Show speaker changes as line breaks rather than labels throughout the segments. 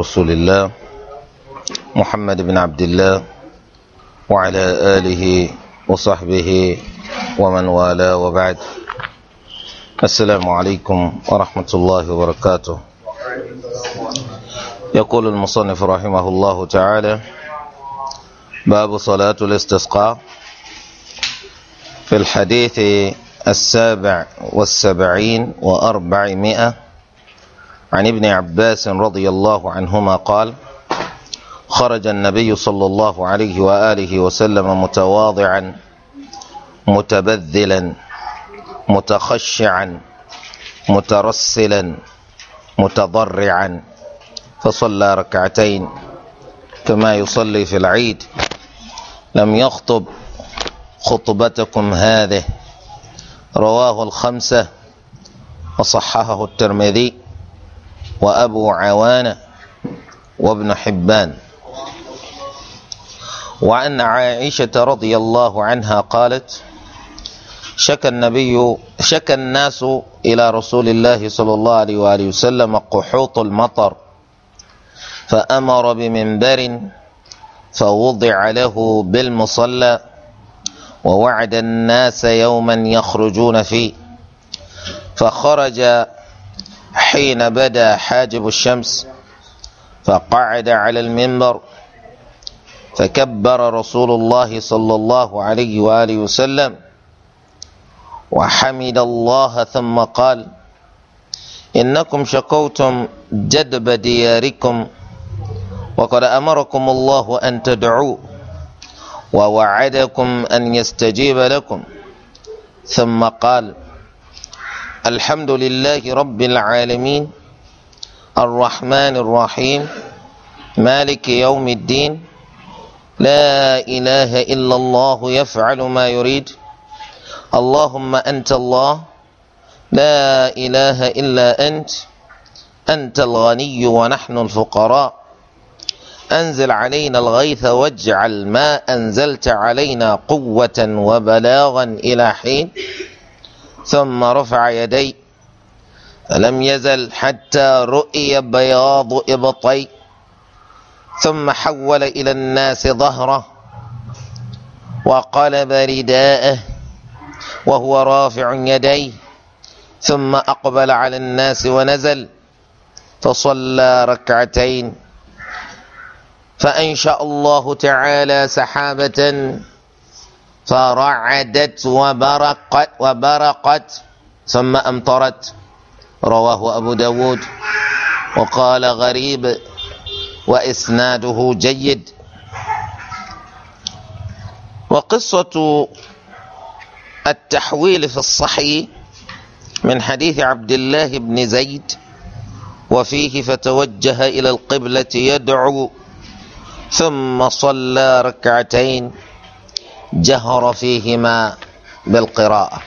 رسول الله محمد بن عبد الله وعلى آله وصحبه ومن والاه وبعد السلام عليكم ورحمة الله وبركاته يقول المصنف رحمه الله تعالى باب صلاة الاستسقاء في الحديث السابع والسبعين وأربعمائة عن ابن عباس رضي الله عنهما قال خرج النبي صلى الله عليه وآله وسلم متواضعا متبذلا متخشعا مترسلا متضرعا فصلى ركعتين كما يصلي في العيد لم يخطب خطبتكم هذه رواه الخمسة وصححه الترمذي وأبو عوانة وابن حبان وعن عائشة رضي الله عنها قالت شك النبي شك الناس إلى رسول الله صلى الله عليه وآله وسلم قحوط المطر فأمر بمنبر فوضع له بالمصلى ووعد الناس يوما يخرجون فيه فخرج حين بدا حاجب الشمس فقعد على المنبر فكبر رسول الله صلى الله عليه واله وسلم وحمد الله ثم قال انكم شكوتم جدب دياركم وقد امركم الله ان تدعوا ووعدكم ان يستجيب لكم ثم قال الحمد لله رب العالمين الرحمن الرحيم مالك يوم الدين لا إله إلا الله يفعل ما يريد اللهم أنت الله لا إله إلا أنت أنت الغني ونحن الفقراء أنزل علينا الغيث واجعل ما أنزلت علينا قوة وبلاغا إلى حين ثم رفع يديه فلم يزل حتى رؤي بياض إبطيه ثم حول إلى الناس ظهره وقلب رداءه وهو رافع يديه ثم أقبل على الناس ونزل فصلى ركعتين فأنشأ الله تعالى سحابة فرعدت وبرقت وبرقت ثم أمطرت رواه أبو داود وقال غريب وإسناده جيد وقصة التحويل في الصحيح من حديث عبد الله بن زيد وفيه فتوجه إلى القبلة يدعو ثم صلى ركعتين جهر فيهما بالقراءة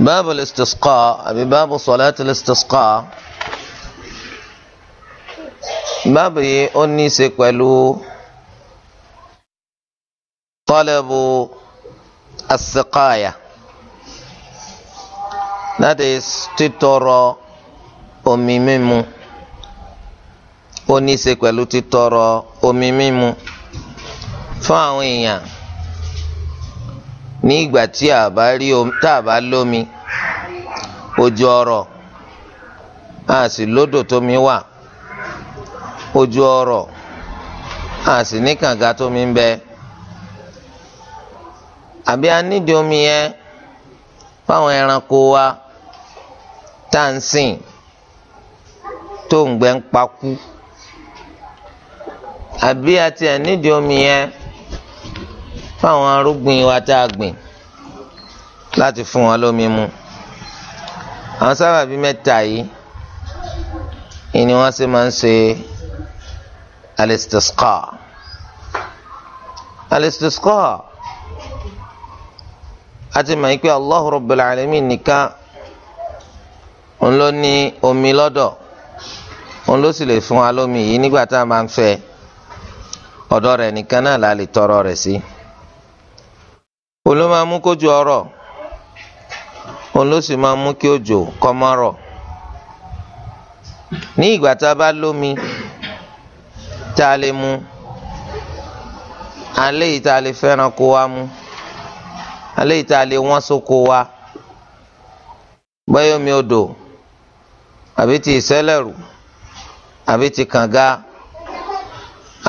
باب الاستسقاء أبي باب صلاة الاستسقاء باب أني سيكولو طلب السقاية نادس is títọrọ omi mímu ó ní í ṣe fún àwọn èèyàn ní ìgbà tí a rí omi tá a lómi ojú ọ̀rọ̀ a sì lódò tómi wà ojú ọ̀rọ̀ a sì ní kànga tómi ń bẹ àbí a nídìí omi yẹn fáwọn ẹranko wa tá à ń sìn tó ń gbẹ ń pakú àbí a tiẹ̀ nídìí omi yẹn. fáwọn arúgbìn wa tá a gbìn láti fún wọn lómi mu àwọn sábàbí mẹ́ta yìí ni wọ́n sì máa ń ṣe alistisqa alistisqa a ti mọ̀ pé Allahu Rabbil Alamin nìkan òun ló ní omi lọ́dọ̀ òun ló sì lè fún wa lómi yìí nígbà tá a máa ń fẹ́ ọ̀dọ̀ rẹ̀ nìkan náà la lè tọrọ rẹ̀ sí. Si òun ló máa mú kójú ọ̀rọ̀ òun ló sì máa mú kí òjò kó má rọ̀ ní ìgbà tá a bá lómi tá a lè mu alẹ́ yìí tá a lè fẹ́ràn kó wa mu alẹ́ yìí tá a lè wọ́n sóko wa bẹ́ẹ̀ omi odò àbí ti ìsẹ́lẹ̀rù àbí ti kànga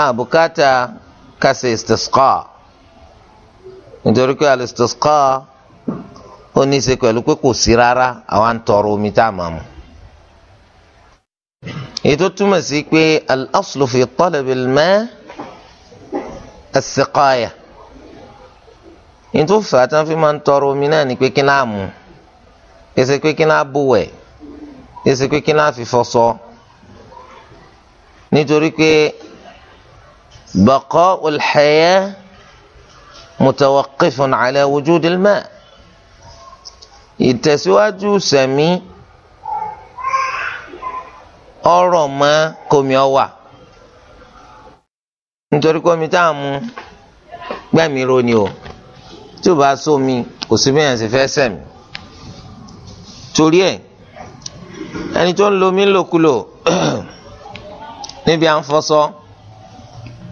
àbùkátà kásẹ̀ istisqa nítorí pé alistisqa ó ní í ṣe pẹ̀lú pé kò sí rárá àwa ń tọrọ omi tá a máa mu. èyí tó túmọ̀ sí pé al-aslu fi talab al-ma' nítorí fà á tán fi máa ń tọrọ omi náà ní pé kí náà mú èsì pé kí náà bùwẹ̀ èsì pé kí náà fi fọṣọ nítorí pé baqa'ul haya mutawakifun ala wujudilma ìtẹ̀síwájú sẹ̀mí ọ̀rọ̀ mọ́ komi ọ̀wà nítorí komi tá a mú gbẹ̀mí roni o tí o bá sómi kò sí bẹ́ẹ̀ sì fẹ́ sẹ̀mí torí ẹ̀ ẹni tó ń lo mí lòkulò níbi à ń fọṣọ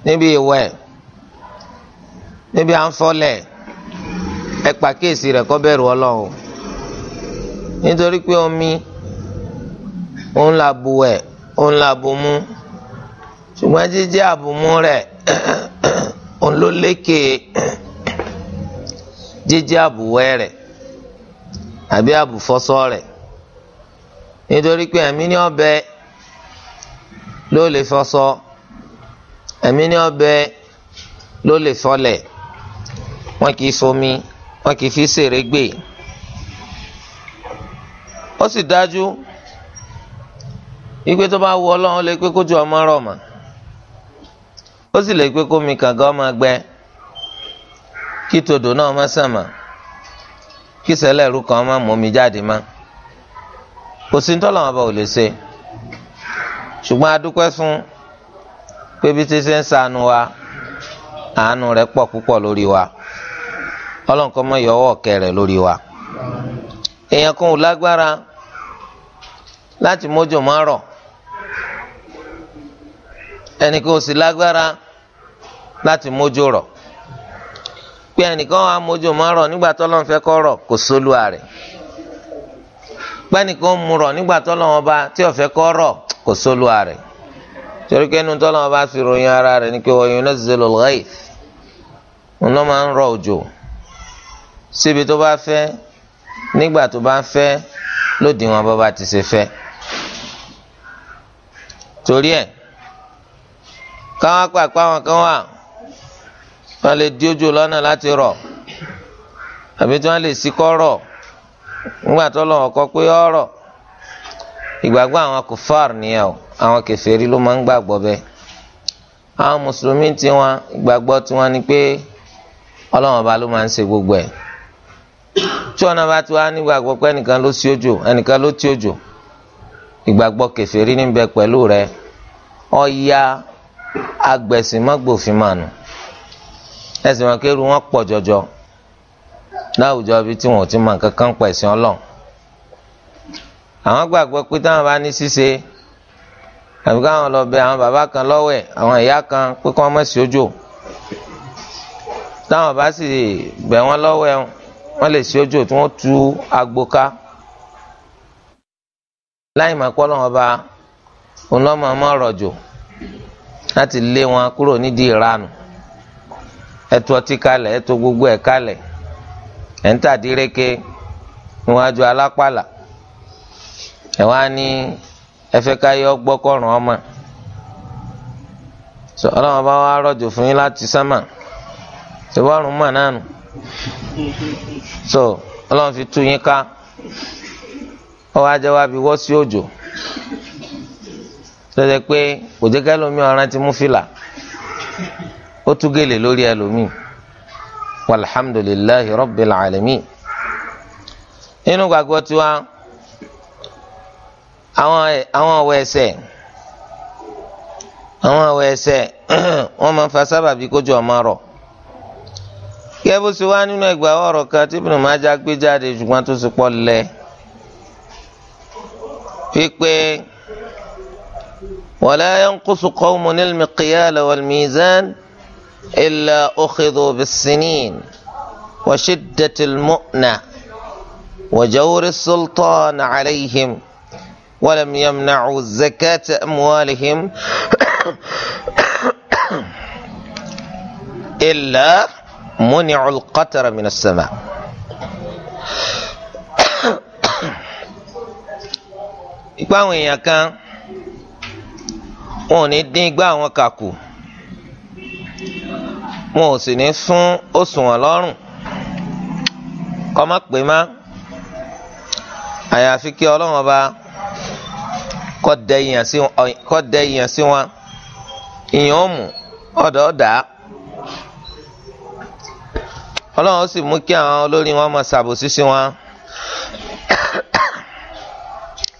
níbi ìwẹ̀ níbi à ń fọlẹ̀ ẹ pàkíyèsí rẹ̀ kọ́ bẹ̀rù ọlọ́run nítorí pé omi òun là bu ẹ̀ òun là bu mú ṣùgbọ́n jíjẹ́ àbùmú rẹ̀ òun ló lékè jíjẹ́ àbùwẹ́ rẹ̀ àbí àbùfọ́sọ́ rẹ̀ nítorí pé ẹ̀mí ní ọ̀bẹ ló lè fọṣọ ẹ̀mí ní ọ̀bẹ ló lè fọlẹ̀ wọn kì í fomi wọn kì í fi ṣeré gbé ó sì dájú ìgbé tó bá wù Ọlọ́run lè pé kójú ọmọ rọ̀ mọ́ ó sì lè pé kómi kànga ọmọ gbẹ kí tòdò náà má sàmà kí sẹlẹ̀rú kan má mú jáde má kò sí ntọ́lọ́ wọn bá ò lè ṣe ṣùgbọ́n adúpẹ́ fún pé bí ti ṣe ń ṣàánú wa àánú rẹ̀ pọ̀ púpọ̀ lórí wa ọlọ́run kó má yọ ọwọ́ kẹrẹ̀ lórí wa. èèyàn kan ò lágbára láti mójò máa rọ̀ ẹnìkan ò sì lágbára láti mójò rọ̀ pé ẹnìkan wà mójò máa rọ̀ nígbà tọ́lọ́run fẹ́ kó rọ̀ kò sólúwa rẹ̀ pẹ́nìkan mú rọ̀ nígbà tọ́lọ́run ọba tí ó fẹ́ rọ̀ kò sólúwa rẹ̀ torí pé inú tọ́lọ́run ọba fi ròyìn ara rẹ̀ ni pé wa yunazzilul ghayth ńlọ máa ń rọ̀ òjò síbi tó bá fẹ́ nígbà tó bá fẹ́ lòdì wọn bá bá ti ṣe fẹ́ torí ẹ̀ káwọn pàpà wọn kan wà wọn lè di ojú lọ́nà láti rọ̀ àbí tí wọn lè sí kọ́rọ̀ nígbà tó lọ́wọ́ kọ́ pé ọ̀rọ̀ ìgbàgbọ́ àwọn kòfàr nìyẹn o àwọn kèfèrí ló máa ń gbàgbọ́ bẹ́ẹ̀ àwọn mùsùlùmí tiwọn ìgbàgbọ́ tiwọn ni pé ọlọ́wọ́n ba ló máa ń ṣe gbogbo ẹ̀ tí ọ̀nà bá ti wá nígbàgbọ́ pé ẹnìkan ló sí òjò ẹnìkan ló tí òjò ìgbàgbọ́ kèfèrí níbẹ̀ pẹ̀lú rẹ ọ̀ya agbẹ̀sìmọ́gbòfin mànù ẹ̀sìn wọn kéru wọn pọ̀ jọjọ láwùjọ bíi tí wọn ò ti mọ nǹkan kan pẹ̀ sí ọlọ́run àwọn gbàgbọ́ pé táwọn bá ní ṣíṣe àbí káwọn lọ bẹ àwọn bàbá kan lọ́wẹ̀ àwọn ìyá kan pé kí wọ́n mọ̀ sí òjò táwọn bá sì bẹ̀ wọ́n lọ́wẹ̀ ọ̀hún wọ́n lè ṣe ojú tí wọ́n tú agbo ká láì máa pọ́ lọ́wọ́ bá ọlọ́mọ ọmọ rọ̀jò láti lé wọn kúrò nídìí ìranù ẹtù ọtí kalẹ̀ ẹtù gbogbo ẹ̀ kalẹ̀ ẹ̀ńtàdíreke níwájú alápàlà ẹ̀ wá ní ẹfẹ́ káyọ́ gbọ́kọ̀ràn ọmọ ọlọ́wọ́ bá wá rọ̀jò fún yín láti sámà ṣùgbọ́n ọ̀run mọ̀ náà nù so ọlọ́run fi tú yín ká ó wá jẹ́ wá bí wọ́ sí òjò lọ́jọ́ pé kò jẹ́ ká ẹlòmíì ọ̀ràn ti mú fìlà ó tú gèlè lórí ẹlòmíì walhamdulillahi rabbil alamin nínú gbàgbọ́ tiwa àwọn ọ̀wọ́ ẹsẹ̀ àwọn ọ̀wọ́ ẹsẹ̀ wọ́n máa ń fa sábàbí kójú ọmọ rọ̀. kẹ́ bó ṣe wá nínú ẹgbà ọ̀rọ̀ kan tí Ibn Majah gbé jáde ṣùgbọ́n tó ṣe pọ̀ lẹ̀ wípé wala yanqusu qawmun al-miqyala wal-mizan illa ukhidhu bis-sinin wa shiddati al-mu'na wa jawri as-sultan alayhim wa lam yamna'u zakata amwalihim illa. muni'ul qatara minas sama. ipa àwọn èèyàn kan wọn ò ní dín igbá àwọn kà kù wọn ò sì ní sún òṣùwọ̀n lọ́rùn kọ́ má má àyàfi kí ọlọ́run ọba kọ́ dẹ sí wọn ìyàn ó ọ̀dà ọlọ́run ó sì mú kí àwọn olórí wọn máa ṣàbòsí sí wọn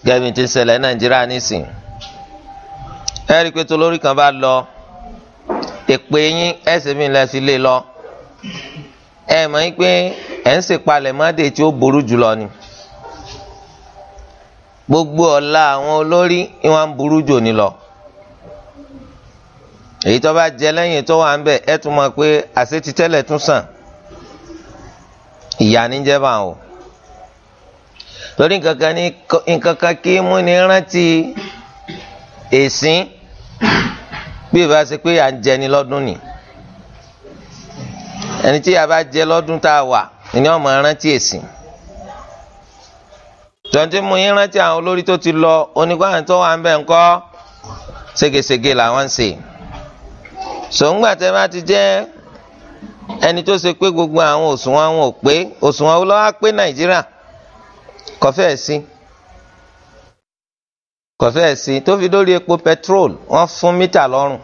gẹ́gẹ́ bí ti ń ṣẹlẹ̀ nàìjíríà nísìn ẹ rí i pé tolórí kan bá lọ èpè yín ẹsẹ̀ mi lẹ sí lé lọ ẹ mọ̀ yín pé ẹ̀ ń ṣèpalẹ̀ mọ́dé tí ó burú jùlọ ni gbogbo ọ̀la àwọn olórí ni wọ́n ń burú jò ní lọ èyí tó bá jẹ lẹ́yìn tó wà ń bẹ̀ ẹ tún mọ̀ pé àṣetítẹ́lẹ̀ tún sàn ìyá ni jẹ́ bá wọn torí nkankan ní nkankan kí mú ni rántí èsín bí ìbá ṣe pé à ń jẹni lọ́dún ni ẹni tí a bá jẹ lọ́dún tá a wà ni ọmọ rántí èsín tọ́ntì mú yín rántí àwọn olórí tó ti lọ oníkóhàn tó wà ń bẹ̀ ńkọ́ ségesège làwọn ń ṣe sòǹgbà tẹ́ bá ti jẹ́ ẹni tó ṣe pé gbogbo àwọn òṣùwọ̀n àwọn ò pé òṣùwọ̀n ó lọ́wọ́ pé nàìjíríà kọfẹ́ sí kọfẹ́ sí tó fi dórí epo petrol wọ́n fún mítà lọ́rùn.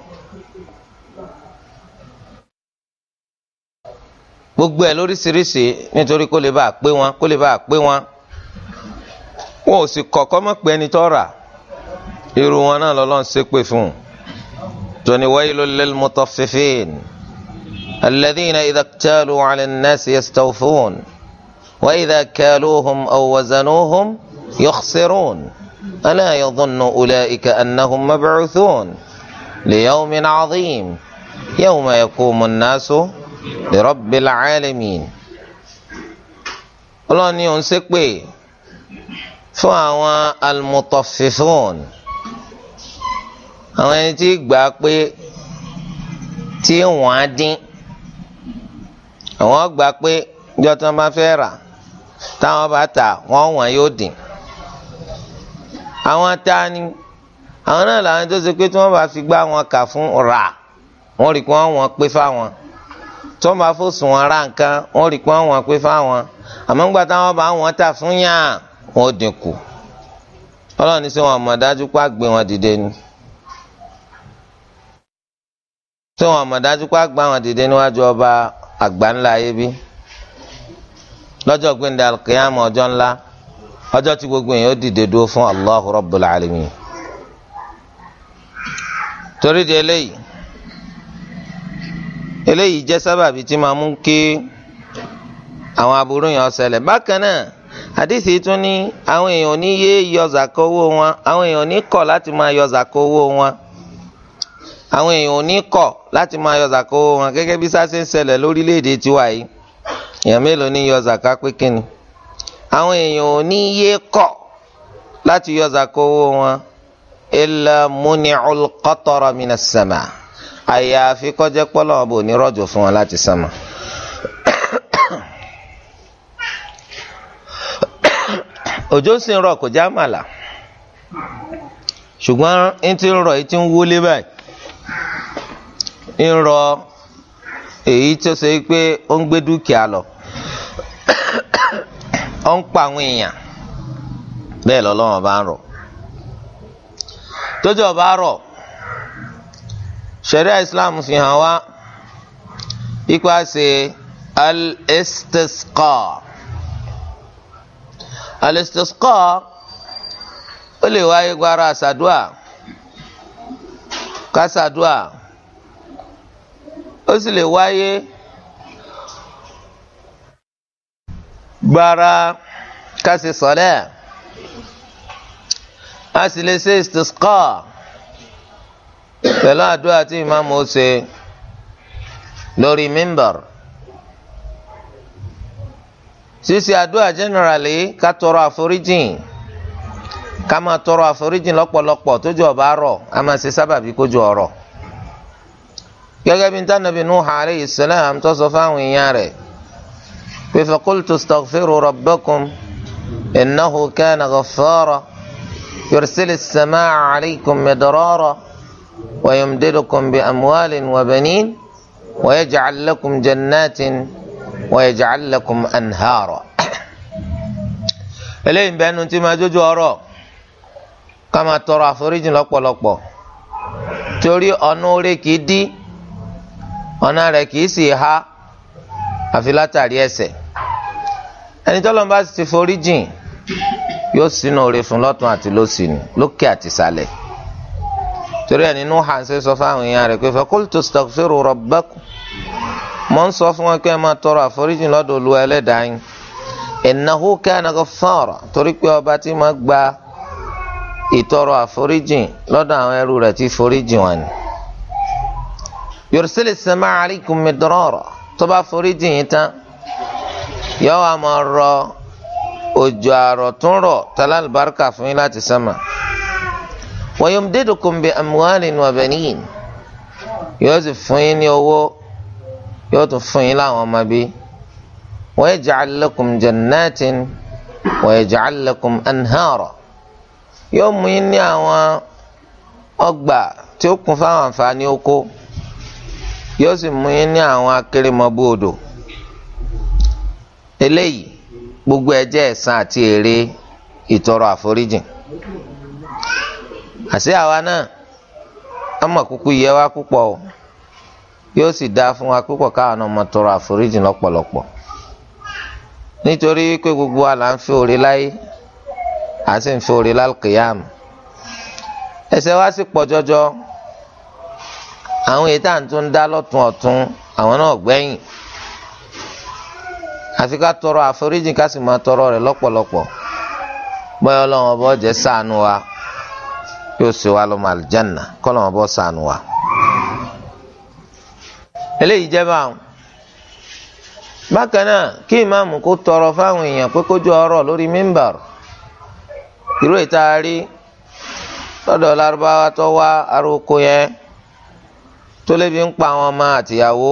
gbogbo ẹ lóríṣiríṣi nítorí kó lè bá a pé wọn kó lè bá a pé wọn wọn ò sì kọ́kọ́ mọ̀ pé ẹni tó rà irú wọn náà lọ́lọ́run ṣépè fún un tó ní waylul lil mutaffifin. الذين إذا اكتالوا على الناس يستوفون وإذا كالوهم أو وزنوهم يخسرون ألا يظن أولئك أنهم مبعوثون ليوم عظيم يوم يقوم الناس لرب العالمين ولن ينسك òun ṣépè fún àwọn almutafifun àwọn ẹni tí gbà àwọn gbà pé ìjọ tí wọ́n bá fẹ́ rà táwọn bá tà wọ́n wọ̀n yóò dín àwọn tani àwọn náà làwọn tó ṣe pé tí wọ́n bá fi gbá wọn kà fún rà wọ́n rí pé wọ́n wọ̀n pé fáwọn tí wọ́n bá fòsùn wọn ra nǹkan wọ́n rí pé wọ́n wọ̀n pé fáwọn àmọ́ ńgbà táwọn bá wọ́n tà fún yàn wọ́n dínkù ọlọ́run ní sọ wọn mọ̀ dájú pé àgbé wọn dìde ni sọ wọn mọ̀ dájú pé àgbà wọn dìde níwájú ọba àgbà ńlá ayé bí lọ́jọ́ gbẹ̀ndé alqiyama ọjọ́ ńlá ọjọ́ tí gbogbo èèyàn ó dìde dúró fún Allahu Rabbul Alamin torí di eléyìí eléyìí jẹ́ sábàbí tí máa mú kí àwọn aburú yẹn ó ṣẹlẹ̀ bákan náà àdìsí tún ní àwọn èèyàn ní yé yọ zàkọ owó wọn àwọn èèyàn ní kọ̀ láti máa yọ zàkọ owó wọn àwọn èèyàn ò ní kọ̀ láti máa yọ zàkà owó wọn gẹ́gẹ́ bí sáṣẹ ń ṣẹlẹ̀ lórílẹ̀‐èdè tiwa yìí èèyàn mélòó ní yọ zàkà pé kíni àwọn èèyàn ò ní yé kọ̀ láti yọ zàkà owó wọn illa muni'ul qatara minas sama àyàfi kọjá pọ́lọ́ ọ̀bọ ní rọ̀jò fún wọn láti sàmà. òjò sì ń rọ̀ kò já màlà ṣùgbọ́n ń ti ń ẹ ti ń wọlé báyìí. ń rọ èyí tó ṣe pé ó ń gbé dúkìá lọ ó ń pa àwọn èèyàn bẹ́ẹ̀ lọ́lọ́wọ́n bá ń rọ̀ tójú ọba Islam fi hàn wá ipa ṣe al-istisqa ó lè wáyé gbára kásádùá ó sì lè wáyé gbára kásì sọlẹ a sì lè ṣe istisqa pẹ̀lú àdúrà tí ìmáàmù ó ṣe lórí mímbàr ṣíṣe àdúrà generally ká tọrọ àforíjìn. ká máa tọrọ àforíjìn lọ́pọ̀lọpọ̀ tó jọ bá rọ̀ a máa ṣe sábàbí kó jọ ọ̀rọ̀ gẹ́gẹ́ bí ntànàbí Nuh alayhi salam tó sọ fáwọn èèyàn rẹ̀ pé faqultu astaghfiru rabbakum innahu kana ghaffara yursil as-samaa alaykum midrara wa yumdidukum bi amwalin wa banin wa yaj'al lakum jannatin wa yaj'al lakum anhara. eléyìí bẹ́ẹ̀ nu ti máa jójú ọ̀rọ̀. ká máa tọrọ àforíjì lọ́pọ̀lọpọ̀ torí ọ̀nà oore kìí dí ọ̀nà rẹ̀ kìí sì há àfi látàrí ẹ̀ṣẹ̀ ẹni tọ́lọ́ bá ti forí jìn yóò sínú oore fún lọ́tún àti lósì ni lókè àti sálẹ̀ torí ẹ̀ nínú hànṣe sọ fáwọn èèyàn rẹ̀ pé faqultu astaghfiru rabbakum mọ̀ ń sọ fún wọn pé ẹ máa tọrọ àforíjì lọ́dọ̀ Olúwa ẹlẹ́dàá yín innahu kana ghaffara torí pé ọba tí máa gba ìtọrọ àforíjìn lọ́dọ̀ àwọn ẹrú rẹ̀ tí foríjìn wọn ni. yursil sama dọ́rọ̀ midrara tó bá foríjìn yìí tán yóò wá máa rọ òjò àrọ̀ tó ń rọ̀ tálálùbáríkà fún yín láti sẹ́mà. wọ́n yóò sánmà. wa yumdidukum bi amwalin wa banin yóò sì fún yín ní owó yóò tún fún yín láwọn ọmọ bí. wa yaj'al lakum jannatin wa yaj'al lakum anhara. yóò mú yín ní àwọn ọgbà tí ó kún fáwọn àǹfààní oko yóò sì mú yín ní àwọn akérèmọbú odò eléyìí gbogbo eje jẹ́ ati àti èrè ìtọrọ àforíjìn àṣé àwa náà àmọ́ kúkú yẹ wá púpọ̀ o yóò sì dáa fún wa púpọ̀ káwọn ọmọ tọrọ àforíjìn lọpọlọpọ. nítorí pé gbogbo wa là ń fi òrè láyé à sì ń fi orí lálùkìyàmù ẹ̀ṣẹ̀ wa sì pọ̀ jọjọ àwọn èyí tá à ń tún dá lọ́tún ọ̀tún àwọn náà gbẹ̀yìn àfi ká tọrọ àforíjì ká sì máa tọrọ rẹ̀ lọ́pọ̀lọpọ̀ bóyá Ọlọ́run ọba ọjẹ ṣàánú wa yóò ṣe wa lọmọ àlùjáná kọlọrun ọba ṣàánú wa. eléyìí jẹ́ báwọn bákan náà kí ìmáàmù kó tọrọ fáwọn èèyàn pé kójú ọ̀rọ̀ lórí mímbàrún irú ìta rí lọ́dọ̀ lárúbáwá tó wá aróko yẹn tó lébi ń pa àwọn ọmọ àtìyàwó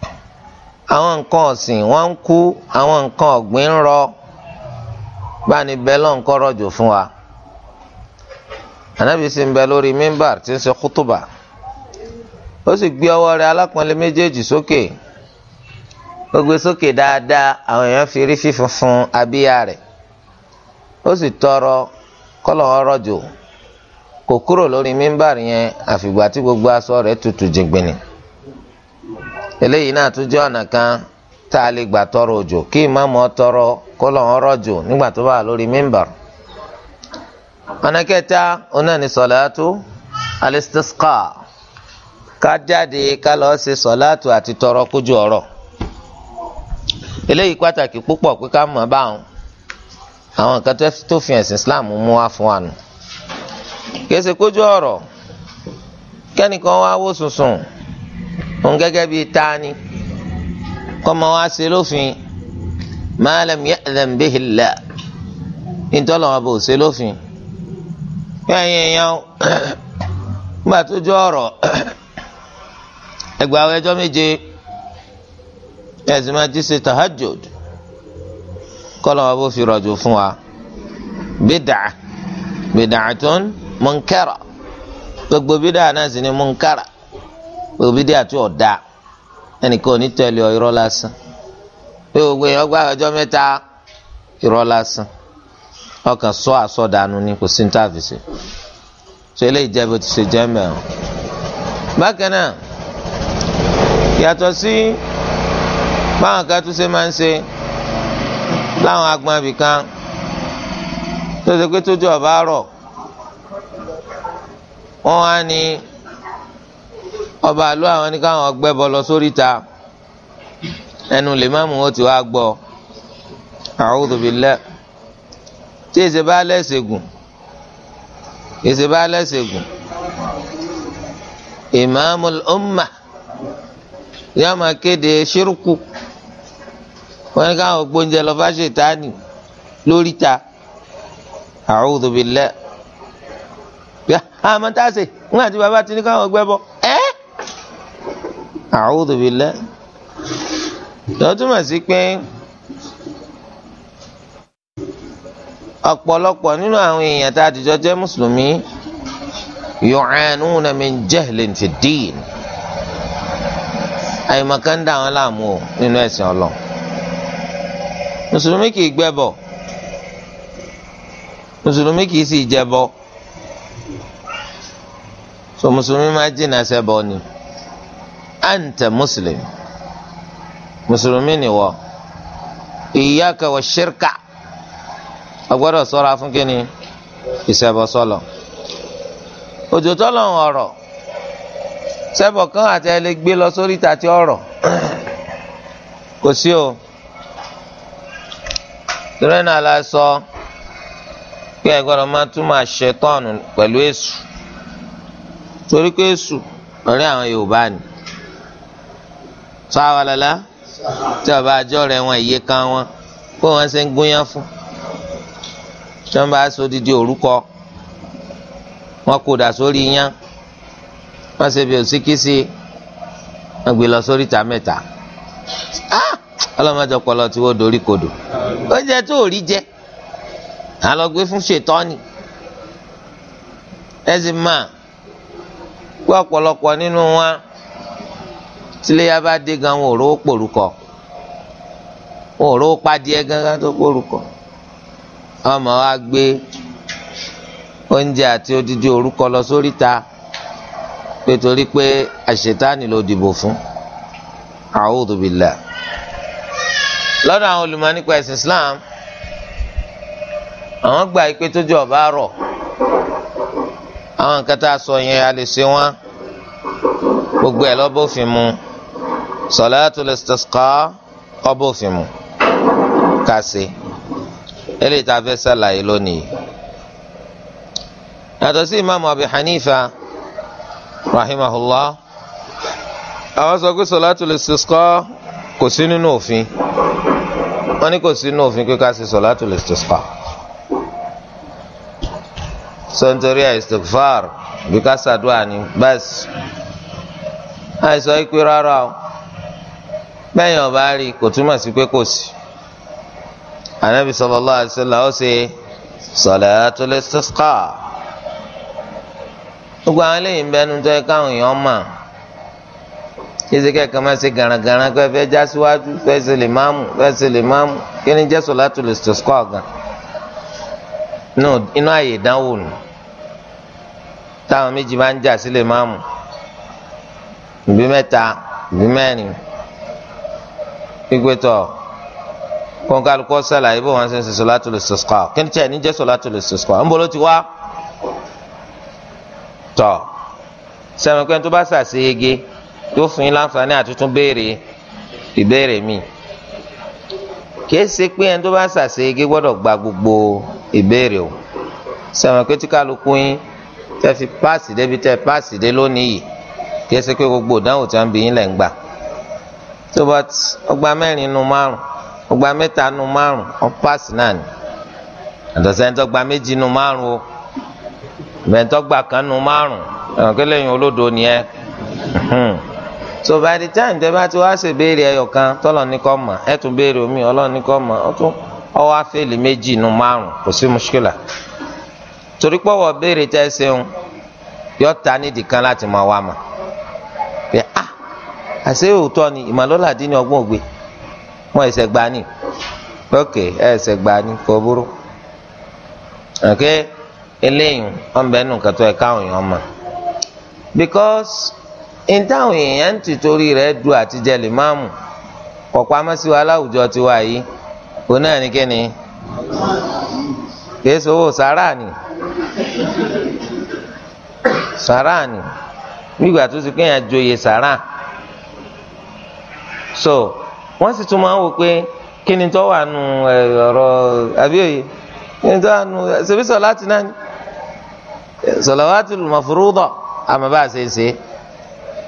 àwọn nǹkan ọ̀sìn wọ́n ń kú àwọn nǹkan ọ̀gbìn ń rọ gbani bẹ́lọ̀ ń kọ́rọ̀ jù fún wa ànábì sì ń bẹ lórí mímbàr tí ń ṣe kútùbà ó sì gbé ọwọ́ rẹ̀ alápọ̀nlé méjèèjì sókè ó gbé sókè dáadáa àwọn èèyàn fi rí fífun fún abíyá rẹ̀ ó sì tọrọ kọlọ ọrọ jò kò kúrò lórí mímbàrì yẹn àfìgbà tí gbogbo aṣọ rẹ̀ tutù jìngbìnì eléyìí náà tún jẹ́ ọ̀nà kan tá a lè gbà tọrọ òjò kí ìmáàmù ọtọrọ kọlọ ọrọ jò nígbà tó bá lórí mímbàrì ọ̀nà kẹta ọ̀nà ni sọ̀láàtú alistisqa ká jáde ká lọ́ọ́ ṣe sọ̀láàtú àti tọrọ kójú ọ̀rọ̀ eléyìí pàtàkì púpọ̀ pé ká mọ̀ báwọn àwọn nǹkan tó fi ẹ̀sìn Islam mú wá fún wa nù kèsì kójú ọ̀rọ̀ kẹ́nìkan wá wó sùnsùn òun gẹ́gẹ́ bíi tani kọ́mọ wá sí lófin ma lam ya'zan bihi Allah nítorí wọn bò sí lófin yẹ́nyẹ́ yẹn nígbà tó jọ ọ̀rọ̀ ẹgbàá ọjọ́ méje ẹ̀sìn máa ti ṣe tahajjud kọ́lọ̀ wọn bó fi rọ̀jò fún wa bídà bídà tún mọ̀nkẹ́rọ̀ gbogbo bídà náà sì ni mọ̀nkẹ́rọ̀ gbogbo bídà tí ò da ẹnìkan ò ní tẹ̀lé ọ irọ́ lásán pé gbogbo èèyàn gba ọjọ́ mẹ́ta irọ́ lásán ọkàn sọ àsọdànù ni kò sí ní tó eléyìí jẹ́ ti ṣe jẹ́ mẹ́rin bákan náà yàtọ̀ sí báwọn kan tún ṣe máa ń ṣe láwọn agbọn abìkan tó ṣe pé tójú ọba rọ̀ wọ́n á ní ọba àlọ àwọn ní káwọn ọgbẹ bọ lọ sórí ta ẹnu lè má mú wọn ti wá gbọ́ a'udhu billah tí èsè bá lẹsẹgùn èsè bá lẹsẹgùn imamul ummah yóò kéde ṣírùkù wọ́n ní káwọn gbóúnjẹ lọ fáṣẹ ìtaàní lórí ta a'udhu billah àmọ́ tá a ṣe ńgbà tí bàbá ti ní káwọn gbẹ bọ ẹ́ a'udhu billah lọ́ọ́ túmọ̀ sí pé ọ̀pọ̀lọpọ̀ nínú àwọn èèyàn tá a ti jọ jẹ́ mùsùlùmí yu'anuna min jahlin fi ddin àyèmọ̀kàndà àwọn láàmú nínú ẹ̀sìn ọlọ́run. mùsùlùmí kì í gbẹ́bọ mùsùlùmí kì í sì jẹbọ so mùsùlùmí máa jìnnà sẹ́bọ ni anta muslim mùsùlùmí ni wọ iyyaka wa shirka agbọ́dọ̀ ṣọ́ra fún kínní ìṣẹbọ sọlọ òjò tọlọ ọ̀rọ̀ sẹbọ kan àti ẹlẹgbẹ lọ sórí tàti ọ̀rọ̀ kò sí o. torí náà la sọ pé ẹ gbọ́dọ̀ máa túmọ̀ àṣetọ́ọ̀nù pẹ̀lú èṣù torí pé èṣù ọ̀rẹ́ àwọn Yorùbá ni sáwà lọ́la tí ọba àjọ rẹ̀ wọn ìyè kan wọn kó wọn ṣe ń gúnyán fún tí wọn bá so didi orúkọ wọn kò dà sórí yán wọn ṣe bí òsíkísì wọn gbé lọ sórí ìta mẹ́ta. Ah! ọlọ́mọdé ọpọlọ tí wọ́n dorí kodò oúnjẹ tó ò rí jẹ àlọ́gbé fún ṣètọ́ni ẹ sì máa pé ọ̀pọ̀lọpọ̀ nínú wa tíléyà bá dé gan wọn ò rówó pòrúkọ wọn ò rówó pàdíẹ gangan tó pòrúkọ ọmọ wa gbé oúnjẹ àti odidi orúkọ lọ sórí ta pé torí pé àṣetánì ló dìbò fún a'udhu billah. lọ́dọ̀ àwọn olùmọ̀ nípa ẹ̀sìn Islam àwọn gbà pé tójú ọba rọ̀ àwọn nǹkan tá a sọ yẹn a lè ṣe wọn gbogbo ẹ̀ lọ́bọ̀ òfin mu sọ̀láàtù lẹ́sítẹ́síkà ọbọ̀ òfin mu ká ṣe eléyìí tá a fẹ́ ṣàlàyé lónìí. yàtọ̀ sí imaamu Abi Hanifa rahimahullah àwọn sọ pé sọ̀láàtù lẹ́sítẹ́síkà kò sí nínú òfin wọ́n ní kò sínú òfin pé ká ṣe solatul istisqa sọ́ńtòrí àìsèkfàr bí ká ṣàdúrà ní bẹ́ẹ̀sì àìsàn ìpè rárá o bẹ́ẹ̀yàn bá rí kò túmọ̀ sí pé kò sí anabi sallallahu alaihi wasallam ó ṣe solatul istisqa gbogbo àwọn eléyìí ń bẹnu tó yẹ káwọn èèyàn mọ̀ yíṣe kama máa ṣe garagara kó ẹ fẹ́ já síwájú fẹ́ ṣe lè máa mú fẹ́ ṣe lè máa mú kí ni jẹ́ sọ̀látù lè sọ̀kọ́ ọ̀gàn inú àyè ìdánwò nù táwọn méjì máa ń jà sí lè máa mú ìbí mẹ́ta ìbí mẹ́rin pípẹ́tọ̀ kọ́ńkálukọ́ sàlàyé wọn ṣe ń ṣe sọ̀látù lè sọ̀kọ́ kí ni tí ní jẹ́ sọ̀látù lè sọ̀kọ́ ń bọ̀ ló ti wá tọ̀ sẹ́mi tó bá ṣàṣeyege yóò fún yín láǹfààní àtúntún béèrè ìbéèrè mi kìí ṣe pé ẹni tó bá ṣàṣeyege gbọ́dọ̀ gba gbogbo ìbéèrè o sẹwọn pé tí kálukú yín tẹ́ fi páàsì débi tẹ́ páàsì dé lónìí yìí kìí ṣe pé gbogbo ìdánwò tí wọ́n bí yín lẹ̀ ń gbà tó bá ọgbà mẹ́rin nu márùn ọgbà mẹ́ta nu márùn ọ páàsì náà ni àtọ̀sẹ́ńtọ́ gba méjì nu márùn o mẹ́ńtọ́ gba kan nu márùn ẹ̀wọ̀n kí olódo ni ẹ́ so by the time tẹ bá ti wá ṣe béèrè ẹyọ kan tọlọ ní kọ mọ ẹ tún béèrè omi Ọlọ́run ní kọ mọ ọ tún ọwọ àfẹlẹ méjì nu márùn kò sí mùṣkílà torí pọwọ béèrè tẹ ṣeun yọ ta nídìí kan láti máa wá mọ pé a ah, àṣé òótọ́ ni ìmọ̀lọ́lá dín ní ọgbọ́n ògbé wọn ẹsẹ̀ gba ni ok ẹsẹ̀ gba ni kò burú ok eléyìí because. ní táwọn èèyàn ń tìtorí rẹ̀ du àtijọ́ lè máàmù kọ̀pọ̀ amásíwá aláwùjọ ti wá yìí òun náà ní kíni kìí sowó sàrà ni sàrà ni nígbà tó ti kéèyàn joyè sàrà so wọ́n sì tún máa ń wò pé kí ni tó wà nù ọ̀rọ̀ àbíòye kí ni tó wà nù ṣèbí sọ láti náà ni sọlọ́wátìlù mọ̀fúrúdọ̀ àmọ́ bá a ṣe é ṣe é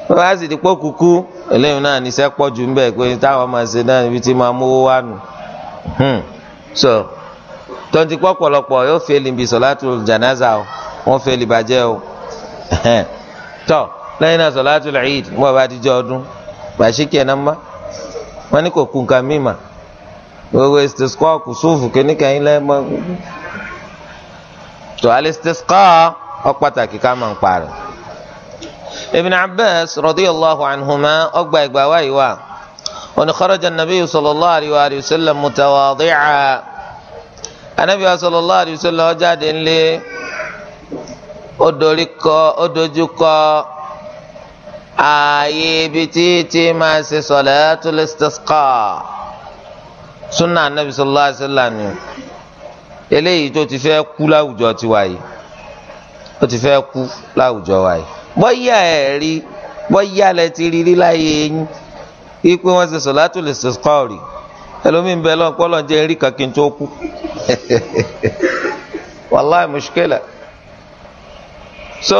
bàbá sì ti pọ́ kúkú eléyìí náà níṣẹ́ pọ̀ jù ńbẹ̀ pé táwọn máa ṣe náà ibi tí máa mówó wà nù hmm. so tonti pọ̀ pọ̀lọpọ̀ yóò fẹ́lì bí sọ̀látù jànáza o wọ́n fẹ́lì bàjẹ́ o tọ́ lẹ́yìn náà sọ̀látù lẹ́yìn wọ́n bá ti jẹ́ ọdún bàṣíkì ẹ̀ náà má wọ́n ní kò kú nǹkan mí mà gbogbo istisqa kù sóòfù kìnnìkan ilẹ̀ mọ́ ibn abbas radiyallahu anhuma ọgbà ìgbà wáyé wa wọn kharaja nabi sallallahu alayhi wa sallam mutawadi'a anabi sallallahu alayhi wa sallam ọjáde ńlẹ odorikọ odojukọ ààyè ibi títí máa ṣe salatul istisqa sunna anabi sallallahu alayhi wa sallam ni eléyìí tó ti fẹ́ kú láwùjọ tiwa yìí ó ti fẹ́ kú láwùjọ wa yìí. bọ́yá ẹ̀ rí bọ́yá lẹ ti rí rí láyé yín ipe wọn ṣe sọ̀látù lè ṣe kọ́ọ̀rì ẹlòmíín lọ́n jẹ́ rí kankan tó kú wàláì so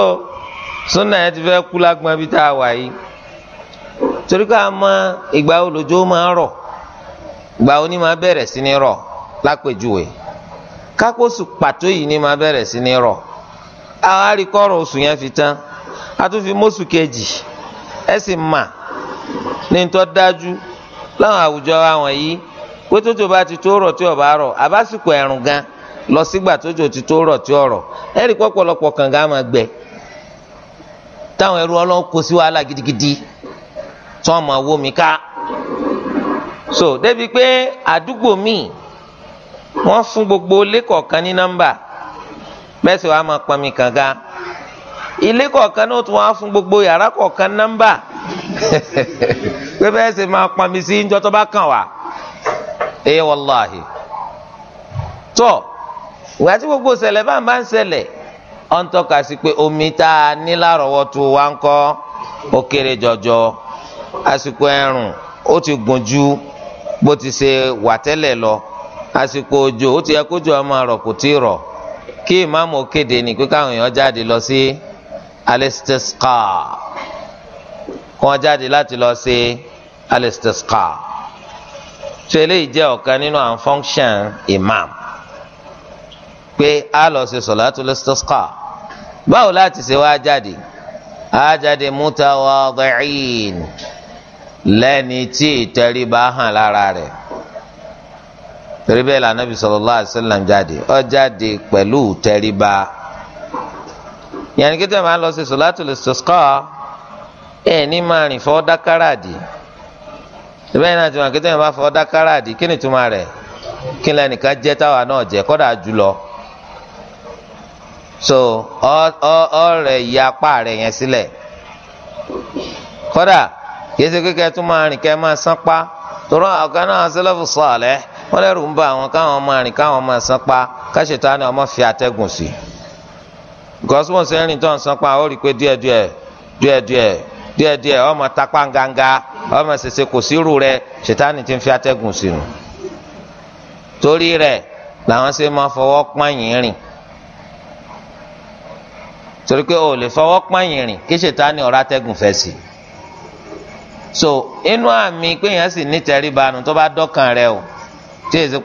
súnà yẹn ti fẹ́ kú lágbọ́n bí tá a wà yìí torí ká mọ̀ ìgbà wo máa rọ̀ ìgbà wo máa bẹ̀rẹ̀ sí ní rọ̀ lápèjúwe kákóso pàtó yìí ni máa bẹ̀rẹ̀ sí ní rọ̀ oṣù yẹn àtúnfi mọ́sù kejì ẹ sì mà ní ntọ́ dájú láwọn àwùjọ àwọn yìí pé tójò bá ti tó rọ̀ tí ọ̀bá rọ̀ àbásìkò ẹ̀rùn gan lọ sígbà tójò ti tó rọ̀ tí ọ̀rọ̀ ẹ rí pọ̀pọ̀lọpọ̀ kànga máa gbẹ táwọn ẹrú ọlọ́run kó sí wàhálà gidigidi tí wọ́n máa mi ká so débi pé àdúgbò míì wọ́n fún gbogbo lẹ́kọ̀ọ̀kan ní nọ́mbà bẹ́ẹ̀ sì wàá máa pọnmi kànga. ilé kọ̀ọ̀kan náà tún wá fún gbogbo yàrá kọ̀ọ̀kan nọ́mbà pé bẹ́ẹ̀ sì máa pọnmi sí ń tó bá kàn wá ẹ wàláhì tọ́ ìgbà tí gbogbo ṣẹlẹ̀ bá ń omi tá a ní lárọ̀ọ́wọ́tó ń kọ́ ó kéré jọjọ àsìkò ẹ̀rùn ó ti gùn wà tẹ́lẹ̀ lọ àsìkò òjò ó ti yẹ ọmọ rọ̀ kò tí ì rọ̀ kí ìmáàmù ó kéde alistisqa wọ́n jáde láti lọ sí alistisqa tó eléyìí jẹ́ ọ̀kan nínú àwọn function imam pé a lọ sí sọ̀látù alistisqa báwo láti ṣe wá jáde á jáde mutawadi'in lẹ́ni tí ìtẹríba hàn lára rẹ̀ torí bẹ́ẹ̀ l'Ànábì sallallahu alaihi jáde ó jáde pẹ̀lú ìtẹríba. yẹnni kí tẹ̀wé máa lọ sí sọ̀látù listisqa ẹ̀ ní máa rìn fọ́ dákàràdì bẹ́ẹ̀ náà tí wọn kí tẹ̀wé máa fọ́ dákàràdì kí ni túmọ̀ rẹ̀ kí ni ẹnìkan jẹ́ táwa náà jẹ́ kọ́dà jùlọ so ọ rẹ ya apá rẹ̀ yẹn sílẹ̀ kọ́dà yẹsẹ kékeré tún máa rìn kẹ́ máa sán pa tòrọ ọ̀gá náà sẹlẹ̀fù sọ̀ọ̀lẹ́ wọ́n lẹ́rù ń bá àwọn káwọn máa rìn káwọn máa sán pa fi sí i. because wọn sẹ tó ń sanpa ó rí i pé díẹ̀díẹ̀ díẹ̀díẹ̀ díẹ̀díẹ̀ ọmọ tapa nganga ọmọ sese kò sírù rẹ ṣètánì ti ń fi atẹ́gùn torí rẹ làwọn ṣe máa fọwọ́ pọ́nyìn rìn torí pé o lè fọwọ́ pọ́nyìn rìn kí ṣètánì ọ̀rọ̀ atẹ́gùn fẹ́ sí so inú àmì pé yẹn sì ní tẹríba tó bá o